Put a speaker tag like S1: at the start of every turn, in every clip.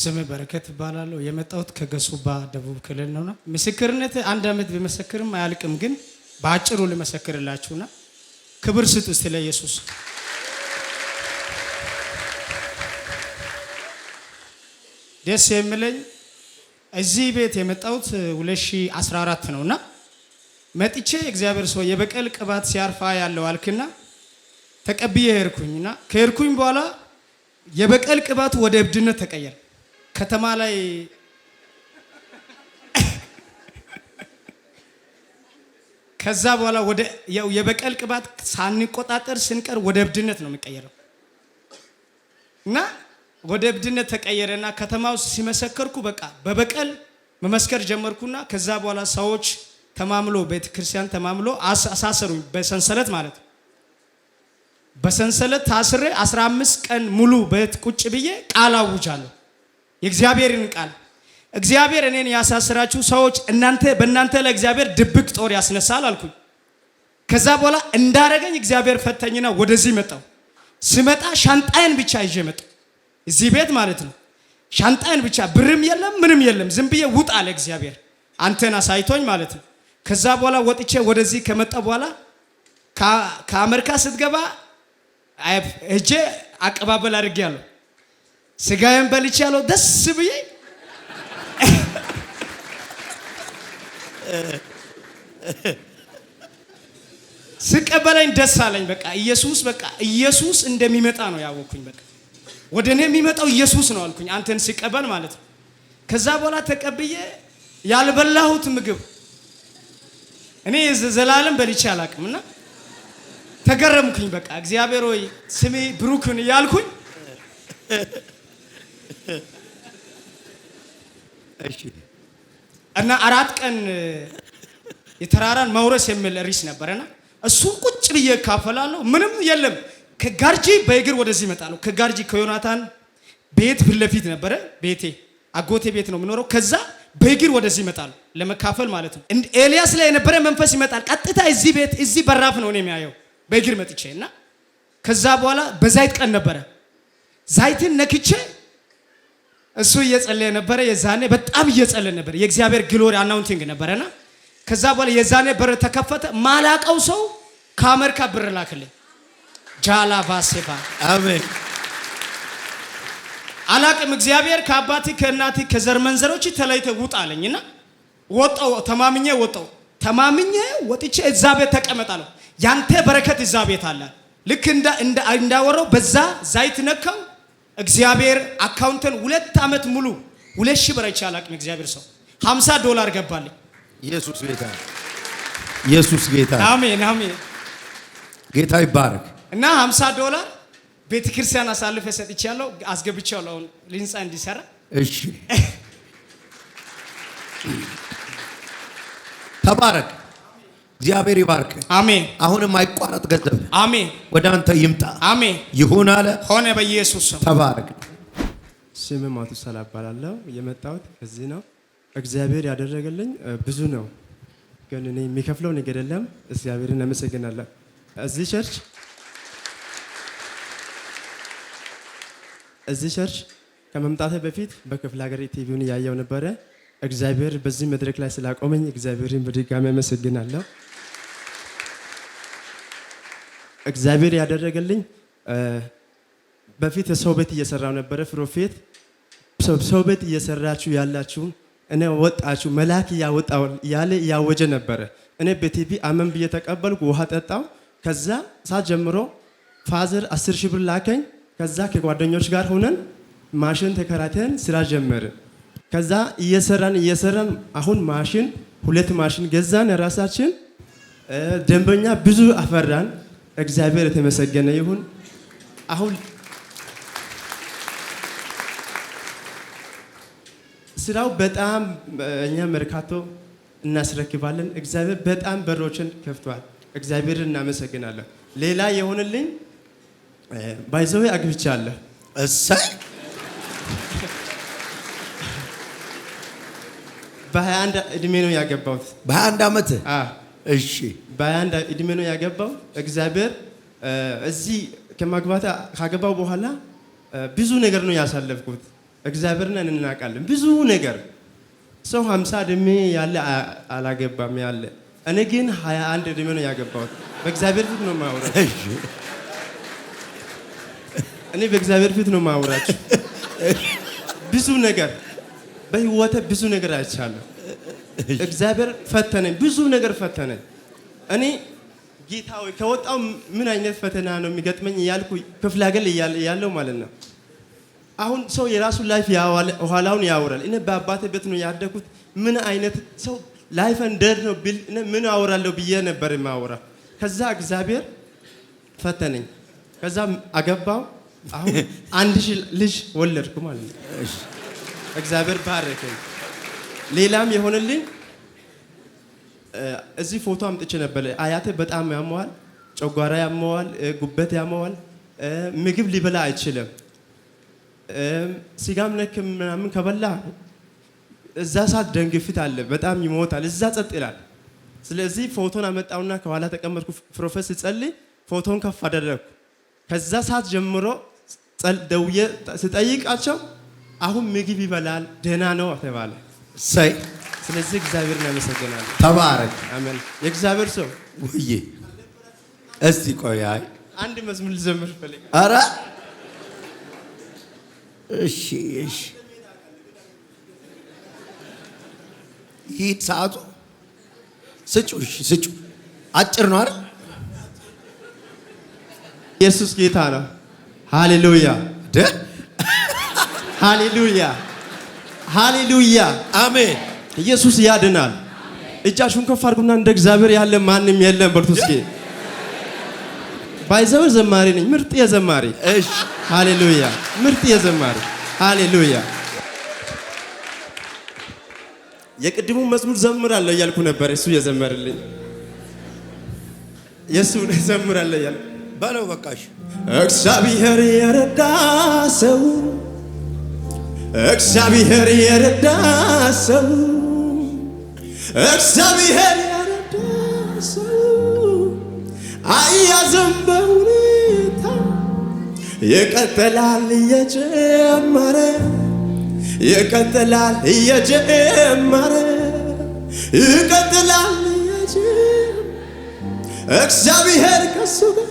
S1: ስም በረከት እባላለሁ። የመጣሁት ከገሱባ ደቡብ ክልል ነው። ምስክርነት አንድ ዓመት ቢመሰክርም አያልቅም፣ ግን በአጭሩ ልመሰክርላችሁና ክብር ስጡ ስለ ኢየሱስ። ደስ የምለኝ እዚህ ቤት የመጣሁት 2014 ነውና መጥቼ እግዚአብሔር ሰው የበቀል ቅባት ሲያርፋ ያለው አልክና ተቀብዬ ሄድኩኝና ከሄድኩኝ በኋላ የበቀል ቅባት ወደ እብድነት ተቀየረ። ከተማ ላይ ከዛ በኋላ ወደ የበቀል ቅባት ሳንቆጣጠር ስንቀር ወደ እብድነት ነው የሚቀየረው እና ወደ እብድነት ተቀየረ እና ከተማ ውስጥ ሲመሰከርኩ በቃ በበቀል መመስከር ጀመርኩና ከዛ በኋላ ሰዎች ተማምሎ ቤተክርስቲያን ተማምሎ አሳሰሩኝ። በሰንሰለት ማለት ነው። በሰንሰለት ታስሬ 15 ቀን ሙሉ በት ቁጭ ብዬ ቃል አውጃለሁ። የእግዚአብሔርን ቃል እግዚአብሔር እኔን ያሳስራችሁ ሰዎች እናንተ በእናንተ ለእግዚአብሔር ድብቅ ጦር ያስነሳል አልኩኝ። ከዛ በኋላ እንዳረገኝ እግዚአብሔር ፈተኝና ወደዚህ መጣው። ስመጣ ሻንጣዬን ብቻ ይዤ መጣው፣ እዚህ ቤት ማለት ነው። ሻንጣዬን ብቻ ብርም የለም ምንም የለም። ዝም ብዬ ውጣ አለ እግዚአብሔር፣ አንተን አሳይቶኝ ማለት ነው። ከዛ በኋላ ወጥቼ ወደዚህ ከመጣ በኋላ ከአሜሪካ ስትገባ እጄ አቀባበል አድርጌ ያለሁ ስጋዬን በልቼ ያለው ደስ ብዬ ስቀበለኝ ደስ አለኝ። በቃ ኢየሱስ በቃ ኢየሱስ እንደሚመጣ ነው ያወቅኩኝ። በቃ ወደ እኔ የሚመጣው ኢየሱስ ነው አልኩኝ፣ አንተን ስቀበል ማለት ነው። ከዛ በኋላ ተቀብዬ ያልበላሁት ምግብ እኔ ዘላለም በልቼ አላቅም እና ተገረምኩኝ። በቃ እግዚአብሔር ወይ ስሜ ብሩክን እያልኩኝ እና አራት ቀን የተራራን መውረስ የሚል ርዕስ ነበረና እሱን ቁጭ ብዬ እካፈላለሁ። ምንም የለም። ከጋርጂ በእግር ወደዚህ እመጣለሁ። ከጋርጂ ከዮናታን ቤት ፊት ለፊት ነበረ ቤቴ፣ አጎቴ ቤት ነው የምኖረው። ከዛ በእግር ወደዚህ እመጣለሁ ለመካፈል ማለት ነው። ኤልያስ ላይ የነበረ መንፈስ ይመጣል። ቀጥታ እዚህ ቤት እዚህ በራፍ ነው እኔ የሚያየው በእግር መጥቼ እና ከዛ በኋላ በዛይት ቀን ነበረ ዛይትን ነክቼ እሱ እየጸለየ ነበረ። የዛኔ በጣም እየጸለየ ነበረ። የእግዚአብሔር ግሎሪ አናውንቲንግ ነበረና ከዛ በኋላ የዛኔ በር ተከፈተ። ማላቀው ሰው ከአሜሪካ ብር ላክልኝ። ጃላ ባሴፋ አሜን። አላቅም እግዚአብሔር ከአባቴ ከእናቴ ከዘርመንዘሮች ተለይተ ውጣ አለኝና ወጣው። ተማምኜ ወጣው። ተማምኜ ወጥቼ እዛ ቤት ተቀመጣለሁ። ያንተ በረከት እዛ ቤት አለ። ልክ እንዳወራው በዛ ዘይት ነካው እግዚአብሔር አካውንትን ሁለት ዓመት ሙሉ ሁለት ሺህ ብር አይቻል አቅም እግዚአብሔር ሰው ሀምሳ ዶላር ገባልኝ።
S2: ኢየሱስ ጌታ ኢየሱስ ጌታ አሜን አሜን። ጌታ ይባረክ
S1: እና 50 ዶላር ቤተ ክርስቲያን አሳልፈ ሰጥቻለሁ፣ አስገብቻለሁ አሁን ህንፃ እንዲሰራ። እሺ
S2: ተባረክ። እግዚአብሔር ይባርክ። አሜን። አሁን አይቋረጥ ገንዘብ አሜን። ወደ አንተ ይምጣ። አሜን። ይሁን አለ
S1: ሆነ። በኢየሱስ ስም ተባረክ። ማቱ ሰላ እባላለሁ። የመጣሁት እዚህ ነው። እግዚአብሔር ያደረገልኝ ብዙ ነው፣ ግን እኔ የሚከፍለው ነገር የለም። እግዚአብሔርን አመሰግናለሁ። እዚህ ቸርች እዚህ ቸርች ከመምጣቴ በፊት በክፍለ ሀገር ቲቪውን እያየው ነበረ። እግዚአብሔር በዚህ መድረክ ላይ ስላቆመኝ እግዚአብሔርን በድጋሚ አመሰግናለሁ። እግዚአብሔር ያደረገልኝ በፊት ሰው ቤት እየሰራው ነበረ። ፕሮፌት ሰው ቤት እየሰራችሁ ያላችሁ እኔ ወጣችሁ መልአክ እያወጣ ያለ እያወጀ ነበረ። እኔ በቲቪ አመን ብዬ ተቀበልኩ፣ ውሃ ጠጣው። ከዛ ሳት ጀምሮ ፋዘር አስር ሺህ ብር ላከኝ። ከዛ ከጓደኞች ጋር ሆነን ማሽን ተከራተን ስራ ጀመርን። ከዛ እየሰራን እየሰራን አሁን ማሽን ሁለት ማሽን ገዛን፣ ራሳችን ደንበኛ ብዙ አፈራን። እግዚአብሔር የተመሰገነ ይሁን። አሁን ስራው በጣም እኛ መርካቶ እናስረክባለን። እግዚአብሔር በጣም በሮችን ከፍቷል። እግዚአብሔር እናመሰግናለን። ሌላ የሆንልኝ ባይዘዌ አግብቻለሁ። እሰይ በ21 እድሜ ነው ያገባሁት።
S2: በ21 ዓመት እሺ
S1: በአንድ እድሜ ነው ያገባው። እግዚአብሔር እዚህ ከማግባት ካገባው በኋላ ብዙ ነገር ነው ያሳለፍኩት። እግዚአብሔርን እንናቃለን። ብዙ ነገር ሰው ሀምሳ እድሜ ያለ አላገባም ያለ እኔ ግን ሀያ አንድ እድሜ ነው ያገባሁት። በእግዚአብሔር ፊት ነው ማውራት። እኔ በእግዚአብሔር ፊት ነው ማውራት። ብዙ ነገር በህይወቴ ብዙ ነገር አይቻለሁ። እግዚአብሔር ፈተነኝ፣ ብዙ ነገር ፈተነኝ። እኔ ጌታ ሆይ ከወጣው ምን አይነት ፈተና ነው የሚገጥመኝ እያልኩ ክፍለ ሀገር ያለው ማለት ነው። አሁን ሰው የራሱን ላይፍ ኋላውን ያወራል። እኔ በአባቴ ቤት ነው ያደኩት። ምን አይነት ሰው ላይፍ እንደር ነው ቢል ምን አወራለሁ ብዬ ነበር የማወራ። ከዛ እግዚአብሔር ፈተነኝ። ከዛ አገባው። አሁን አንድ ልጅ ወለድኩ ማለት ነው። እግዚአብሔር ባረከኝ። ሌላም የሆነልኝ እዚህ ፎቶ አምጥቼ ነበር። አያቴ በጣም ያመዋል፣ ጨጓራ ያመዋል፣ ጉበት ያመዋል፣ ምግብ ሊበላ አይችልም። ስጋም ነክ ምናምን ከበላ እዛ ሰዓት ደም ግፊት አለ፣ በጣም ይሞታል፣ እዛ ጸጥ ይላል። ስለዚህ ፎቶን አመጣውና ከኋላ ተቀመጥኩ። ፕሮፌስ ስጸልይ ፎቶን ከፍ አደረግኩ። ከዛ ሰዓት ጀምሮ ደውዬ ስጠይቃቸው አሁን ምግብ ይበላል፣ ደህና ነው ተባለ። ሰይ ስለዚህ እግዚአብሔር እናመሰግናለን። ተባረክ። አሜን። የእግዚአብሔር ሰው
S2: ውዬ እስቲ ቆይ
S1: አንድ መዝሙር ልዘምር ፈልግ።
S2: ኧረ እሺ፣ እሺ ይህ ሰዓቱ ስጩ፣ እሺ ስጩ። አጭር ነው አይደል?
S1: ኢየሱስ ጌታ ነው። ሃሌሉያ! ሃሌሉያ! ሃሌሉያ አሜን። ኢየሱስ ያድናል። እጃችሁን ከፍ አድርጉና እንደ እግዚአብሔር ያለ ማንም የለም። በርቱ እስኪ። ባይዘበር ዘማሪ ነኝ፣ ምርጥ የዘማሪ እሺ። ሃሌሉያ ምርጥ የዘማሪ ሃሌሉያ። የቅድሙ መዝሙር ዘምራለሁ እያልኩ ነበር። እሱ የዘመርልኝ የሱ ዘምራለሁ እያልኩ ባለው በቃሽ እግዚአብሔር የረዳ ሰው እግዚአብሔር የረዳ ሰው እግዚአብሔር የረዳ ሰው አያዝም በሁኔታ ይቀጥላል እየጀመረ ይቀጥላል እየጀመረ ይቀጥላል እየጀመረ እግዚአብሔር ከሱ ጋር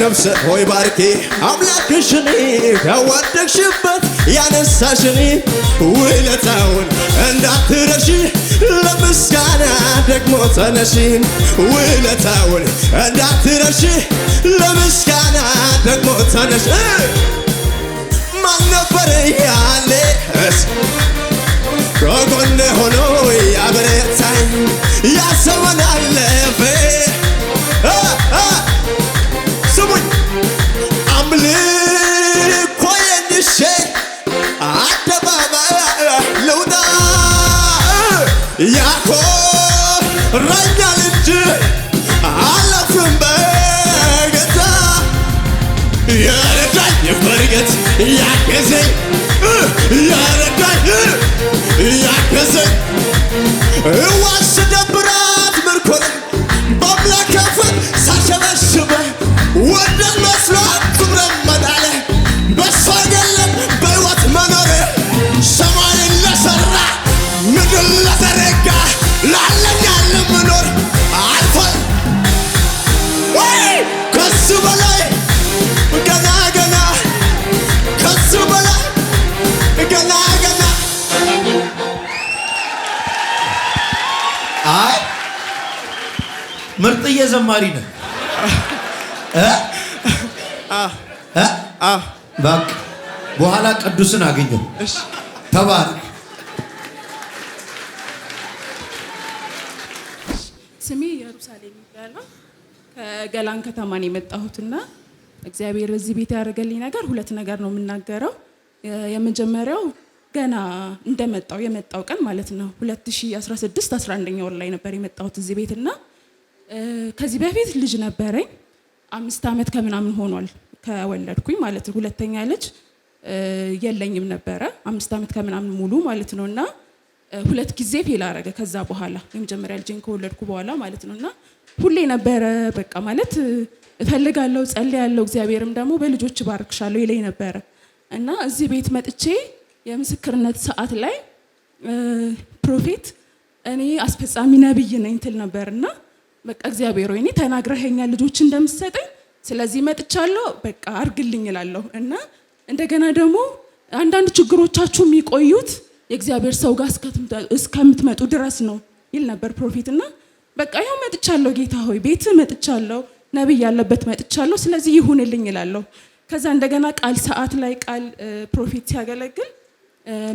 S1: نفس هو يباركي أملاك شني أودك شبت يا نسا شني ويلتاون أنت ترشي لبس كان عندك موتنشين ويلتاون أنت ترشي لبس كان عندك موتنشين ما نفر يا ليس ከጎኔ ሆኖ ያበረታኝ ያሰወናለፍ ስሙኝ አምልኮ የንሼ አደባባይ ልውጣ ያኮራኛል እንጂ አላፍርም በጌታ የረዳኝ በርገት ያገዘኝ ያረዳኝ ያገዘኝ እዋስ ደብራት ምርኮን በአምላክ ወደ መስሏል
S2: ቅዱስን አገኘው። ተባረክ።
S3: ስሜ ኢየሩሳሌም ይባላል። ከገላን ከተማ ነው የመጣሁትና እግዚአብሔር እዚህ ቤት ያደረገልኝ ነገር ሁለት ነገር ነው የምናገረው። የመጀመሪያው ገና እንደመጣው የመጣው ቀን ማለት ነው 2016 11ኛ ወር ላይ ነበር የመጣሁት እዚህ ቤት እና ከዚህ በፊት ልጅ ነበረኝ። አምስት ዓመት ከምናምን ሆኗል ከወለድኩኝ ማለት ነው ሁለተኛ ልጅ የለኝም ነበረ። አምስት ዓመት ከምናምን ሙሉ ማለት ነው እና ሁለት ጊዜ ፌል አረገ። ከዛ በኋላ የመጀመሪያ ልጅን ከወለድኩ በኋላ ማለት ነው እና ሁሌ ነበረ በቃ ማለት እፈልጋለሁ፣ ያለው እግዚአብሔርም ደግሞ በልጆች ባርክሻለሁ ይለኝ ነበረ እና እዚህ ቤት መጥቼ የምስክርነት ሰዓት ላይ ፕሮፌት እኔ አስፈጻሚ ነብይ ነኝ ትል ነበር እና በቃ እግዚአብሔር ወይኔ ተናግረኸኛል ልጆች እንደምሰጠኝ ስለዚህ መጥቻለሁ፣ በቃ አርግልኝ እላለሁ እና እንደገና ደግሞ አንዳንድ ችግሮቻችሁ የሚቆዩት የእግዚአብሔር ሰው ጋር እስከምትመጡ ድረስ ነው ይል ነበር ፕሮፌት። እና በቃ ያው መጥቻለሁ፣ ጌታ ሆይ ቤት መጥቻለሁ፣ ነቢይ ያለበት መጥቻለሁ፣ ስለዚህ ይሁንልኝ ይላለሁ። ከዛ እንደገና ቃል ሰዓት ላይ ቃል ፕሮፌት ሲያገለግል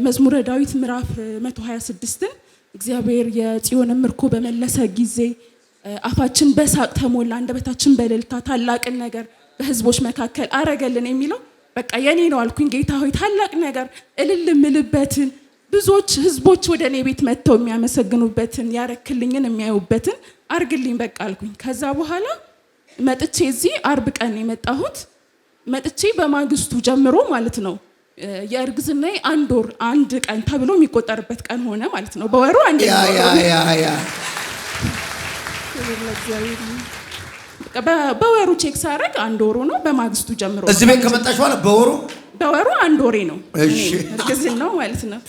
S3: መዝሙረ ዳዊት ምዕራፍ 126ን እግዚአብሔር የጽዮን ምርኮ በመለሰ ጊዜ አፋችን በሳቅ ተሞላ፣ አንደበታችን በልልታ ታላቅን ነገር በህዝቦች መካከል አረገልን የሚለው በቃ የኔ ነው አልኩኝ። ጌታ ሆይ ታላቅ ነገር እልል ምልበትን ብዙዎች ህዝቦች ወደ እኔ ቤት መጥተው የሚያመሰግኑበትን ያረክልኝን የሚያዩበትን አርግልኝ በቃ አልኩኝ። ከዛ በኋላ መጥቼ እዚህ አርብ ቀን የመጣሁት መጥቼ በማግስቱ ጀምሮ ማለት ነው የእርግዝና አንድ ወር አንድ ቀን ተብሎ የሚቆጠርበት ቀን ሆነ ማለት ነው። በወሩ አንድ በወሩ ቼክ ሳደርግ አንድ ወሩ ነው። በማግስቱ ጀምሮ
S2: እዚህ ቤት ከመጣሽ በኋላ በወሩ
S3: በወሩ አንድ ወሬ ነው እርግዝና ነው ማለት ነው።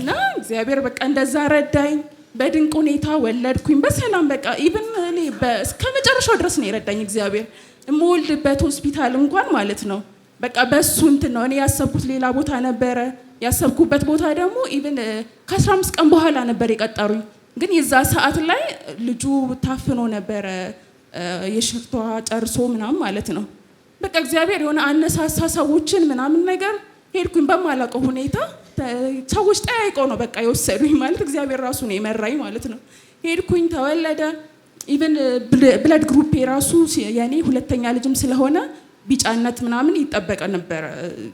S3: እና እግዚአብሔር በቃ እንደዛ ረዳኝ። በድንቅ ሁኔታ ወለድኩኝ በሰላም በቃ ኢቭን እኔ እስከ መጨረሻው ድረስ ነው የረዳኝ እግዚአብሔር። የምወልድበት ሆስፒታል እንኳን ማለት ነው በቃ በእሱ እንትን ነው። እኔ ያሰብኩት ሌላ ቦታ ነበረ። ያሰብኩበት ቦታ ደግሞ ኢቭን ከ15 ቀን በኋላ ነበር የቀጠሩኝ። ግን የዛ ሰዓት ላይ ልጁ ታፍኖ ነበረ የሸፍቷ ጨርሶ ምናምን ማለት ነው። በቃ እግዚአብሔር የሆነ አነሳሳ ሰዎችን ምናምን ነገር ሄድኩኝ በማላውቀው ሁኔታ ሰዎች ጠያይቀው ነው በቃ የወሰዱኝ ማለት እግዚአብሔር ራሱ ነው የመራኝ ማለት ነው። ሄድኩኝ ተወለደ። ኢቨን ብለድ ግሩፕ የራሱ የኔ ሁለተኛ ልጅም ስለሆነ ቢጫነት ምናምን ይጠበቀ ነበረ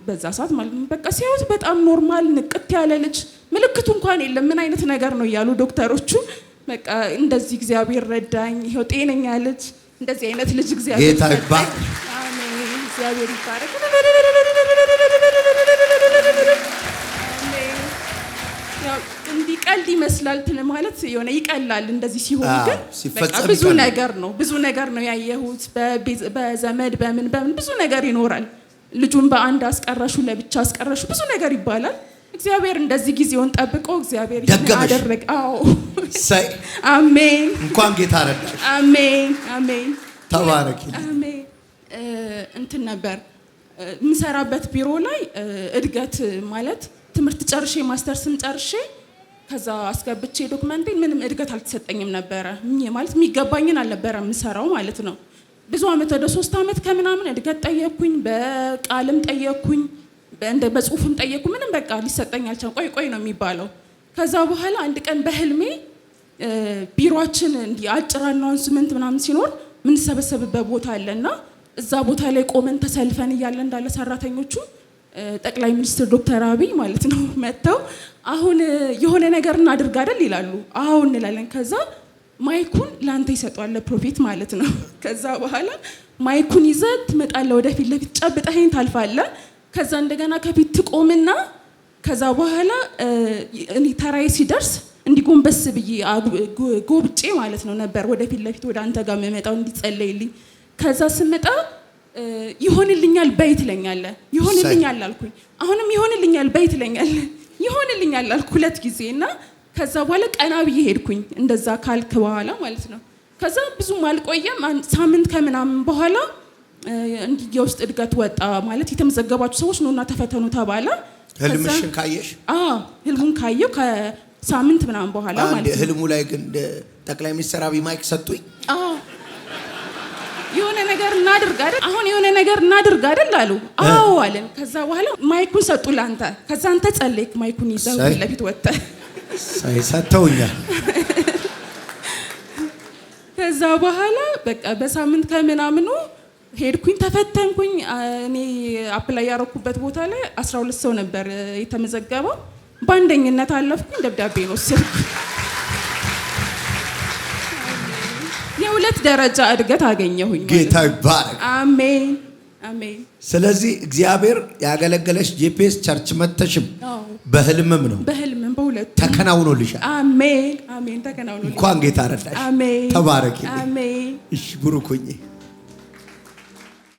S3: በዛ ሰዓት ማለት ነው። በቃ ሲያዩት በጣም ኖርማል ንቅት ያለ ልጅ ምልክቱ እንኳን የለም ምን አይነት ነገር ነው እያሉ ዶክተሮቹ በቃ እንደዚህ እግዚአብሔር ረዳኝ። ይኸው ጤነኛ ልጅ እንደዚህ አይነት ልጅ እግዚአብሔር ረዳኝ። እግዚአብሔር ይባረክ። እንዲህ ቀልድ ይመስላል ማለት የሆነ ይቀላል። እንደዚህ ሲሆን ግን ብዙ ነገር ነው ብዙ ነገር ነው ያየሁት። በዘመድ በምን በምን ብዙ ነገር ይኖራል። ልጁን በአንድ አስቀረሹ፣ ለብቻ አስቀረሹ፣ ብዙ ነገር ይባላል። እግዚአብሔር እንደዚህ ጊዜውን ጠብቆ እግዚአብሔር አደረገ። አዎ ሰይ አሜን።
S2: እንኳን ጌታ ረዳሽ።
S3: አሜን አሜን። ተባረኪ። አሜን። እንትን ነበር የምሰራበት ቢሮ ላይ እድገት ማለት ትምህርት ጨርሼ ማስተርስም ጨርሼ ከዛ አስገብቼ ዶክመንቴ ምንም እድገት አልተሰጠኝም ነበረ። ማለት የሚገባኝን አልነበረ የምሰራው ማለት ነው። ብዙ አመት ወደ ሶስት አመት ከምናምን እድገት ጠየቅኩኝ፣ በቃልም ጠየኩኝ እንደ በጽሁፍም ጠየቅኩ። ምንም በቃ ሊሰጠኝ አልቻልኩም። ቆይ ቆይ ነው የሚባለው። ከዛ በኋላ አንድ ቀን በህልሜ ቢሮችን እንዲህ አጭር አናውንስመንት ምናምን ሲኖር የምንሰበሰብበት ቦታ አለ እና እዛ ቦታ ላይ ቆመን ተሰልፈን እያለ እንዳለ ሰራተኞቹ ጠቅላይ ሚኒስትር ዶክተር አብይ ማለት ነው መጥተው አሁን የሆነ ነገር እናድርግ አይደል ይላሉ። አሁን እንላለን። ከዛ ማይኩን ለአንተ ይሰጧል፣ ፕሮፌት ማለት ነው። ከዛ በኋላ ማይኩን ይዘ ትመጣለ ወደፊት ለፊት ጨብጠኸኝ ታልፋለ። ከዛ እንደገና ከፊት ትቆምና ከዛ በኋላ እኔ ተራዬ ሲደርስ እንዲጎንበስ ብዬ ጎብጬ ማለት ነው ነበር ወደፊት ለፊት ወደ አንተ ጋር የምመጣው እንዲጸለይልኝ። ከዛ ስመጣ ይሆንልኛል በይ ትለኛለህ። ይሆንልኛል አልኩኝ። አሁንም ይሆንልኛል በይ ትለኛለህ። ይሆንልኛል አልኩ ሁለት ጊዜ እና ከዛ በኋላ ቀና ብዬ ሄድኩኝ። እንደዛ ካልክ በኋላ ማለት ነው። ከዛ ብዙም አልቆየም። ሳምንት ከምናምን በኋላ እንዲህ የውስጥ እድገት ወጣ ማለት የተመዘገባችሁ ሰዎች ኑና ተፈተኑ ተባለ።
S2: ህልምሽን ካየሽ?
S3: አዎ ህልሙን ካየው ሳምንት ምናምን በኋላ
S2: ማለት ነው። ህልሙ ላይ ግን ጠቅላይ ሚኒስትር አብይ ማይክ ሰጡኝ።
S3: የሆነ ነገር እናድርግ አይደል? አሁን የሆነ ነገር እናድርግ አይደል አሉ። አዎ አለን። ከዛ በኋላ ማይኩን ሰጡ ለአንተ። ከዛ አንተ ጸለይክ፣ ማይኩን ይዘው ፊት ለፊት ወጣ።
S2: ሰጥተውኛል።
S3: ከዛ በኋላ በቃ በሳምንት ከምናምኑ ሄድኩኝ ተፈተንኩኝ። እኔ አፕላይ ያረኩበት ቦታ ላይ 12 ሰው ነበር የተመዘገበው። በአንደኝነት አለፍኩኝ። ደብዳቤ ነው ስልክ የሁለት ደረጃ እድገት አገኘሁኝ።
S2: ጌታ ይባረክ።
S3: አሜን አሜን።
S2: ስለዚህ እግዚአብሔር ያገለገለሽ ጄፒኤስ ቸርች መተሽም በህልምም ነው
S3: በህልምም በሁለት
S2: ተከናውኖልሻል።
S3: አሜን አሜን። ተከናውኖልሻል።
S2: እንኳን ጌታ ረዳሽ። አሜን። ተባረኪ። አሜን። እሺ፣